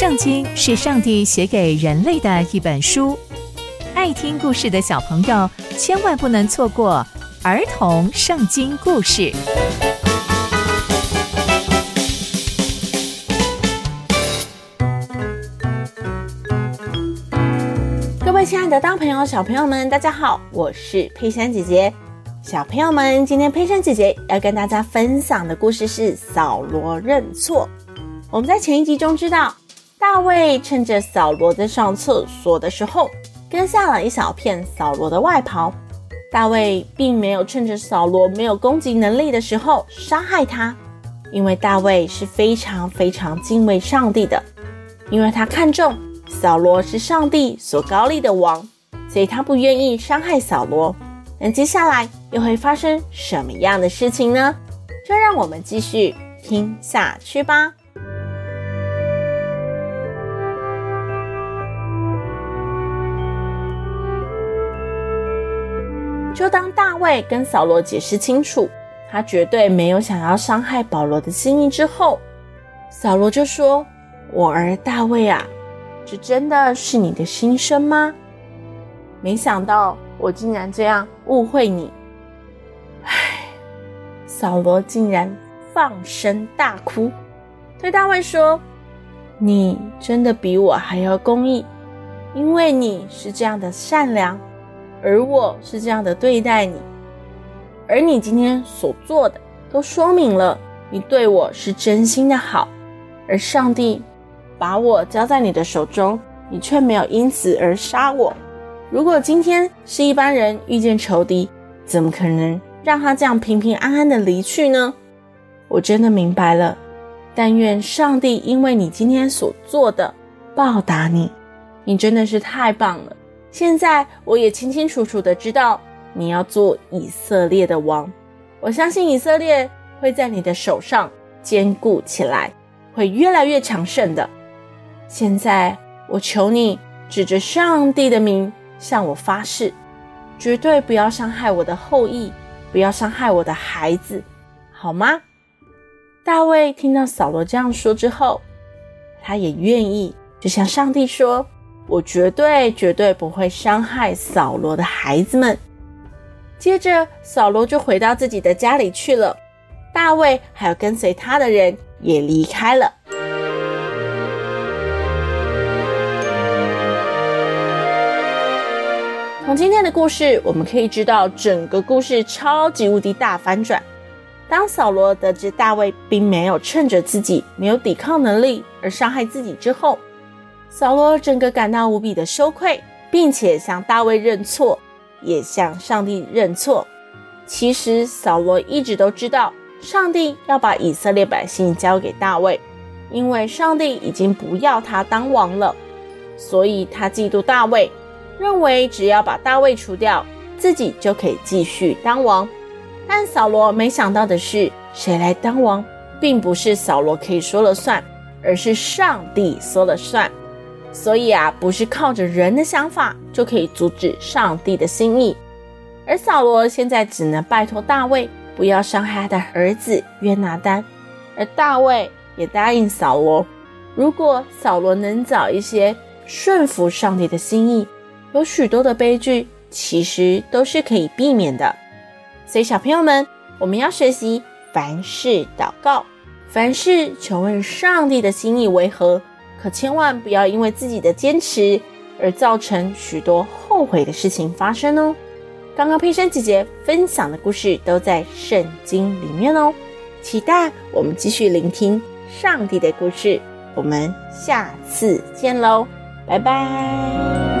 聖經是上帝寫給人類的一本書，愛聽故事的小朋友千萬不能錯過兒童聖經故事。各位親愛的大朋友，小朋友們，大家好，我是佩珊姐姐。小朋友們，今天佩珊姐姐要跟大家分享的故事是掃羅認錯。我們在前一集中知道。大衛趁着掃羅在上廁所的時候，割下了一小片掃羅的外袍。大衛並沒有趁着掃羅沒有攻擊能力的時候傷害他，因為大衛是非常非常敬畏上帝的，因為他看中掃羅是上帝所膏立的王，所以他不願意傷害掃羅。那接下來又會發生什麼樣的事情呢？就讓我們繼續聽下去吧。就當大衛跟掃羅解釋清楚，他絕對沒有想要傷害掃羅的心意之後，掃羅就說：“我兒大衛啊，這真的是你的心聲嗎？沒想到我竟然這樣誤會你。”唉，掃羅竟然放聲大哭，對大衛說：“你真的比我還要公義，因為你是這樣的善良。”而我是這樣的對待你，而你今天所做的都說明了你對我是真心的好。而上帝把我交在你的手中，你卻沒有因此而殺我。如果今天是一般人遇見仇敵，怎麼可能讓他這樣平平安安的離去呢？我真的明白了。但願上帝因為你今天所做的報答你，你真的是太棒了。現在我也清清楚楚的知道你要做以色列的王，我相信以色列會在你的手上堅固起來，會越來越強盛的。現在我求你指着上帝的名向我發誓，絕對不要傷害我的後裔，不要傷害我的孩子，好嗎？大衛聽到掃羅這樣說之後，他也願意，就向上帝說。我絕對絕對不會傷害掃羅的孩子們。接着，掃羅就回到自己的家裡去了，大衛還有跟隨他的人也離開了。從今天的故事，我們可以知道，整個故事超級無敵大反轉。當掃羅得知大衛並沒有趁着自己沒有抵抗能力而傷害自己之後，掃羅整個感到無比的羞愧，並且向大衛認錯，也向上帝認錯。其實掃羅一直都知道，上帝要把以色列百姓交給大衛，因為上帝已經不要他當王了，所以他嫉妒大衛，認為只要把大衛除掉，自己就可以繼續當王。但掃羅沒想到的是，誰來當王，並不是掃羅可以說了算，而是上帝說了算。所以啊，不是靠着人的想法就可以阻止上帝的心意，而掃羅現在只能拜託大衛不要傷害他的兒子約拿單。而大衛也答應掃羅，如果掃羅能早一些順服上帝的心意，有許多的悲劇其實都是可以避免的。所以小朋友們，我們要學習凡事禱告，凡事求問上帝的心意為何。可千萬不要因為自己的堅持而造成許多後悔的事情發生哦。剛剛佩珊姐姐分享的故事都在聖經裡面哦，期待我們繼續聆聽上帝的故事。我們下次見嘍，拜拜。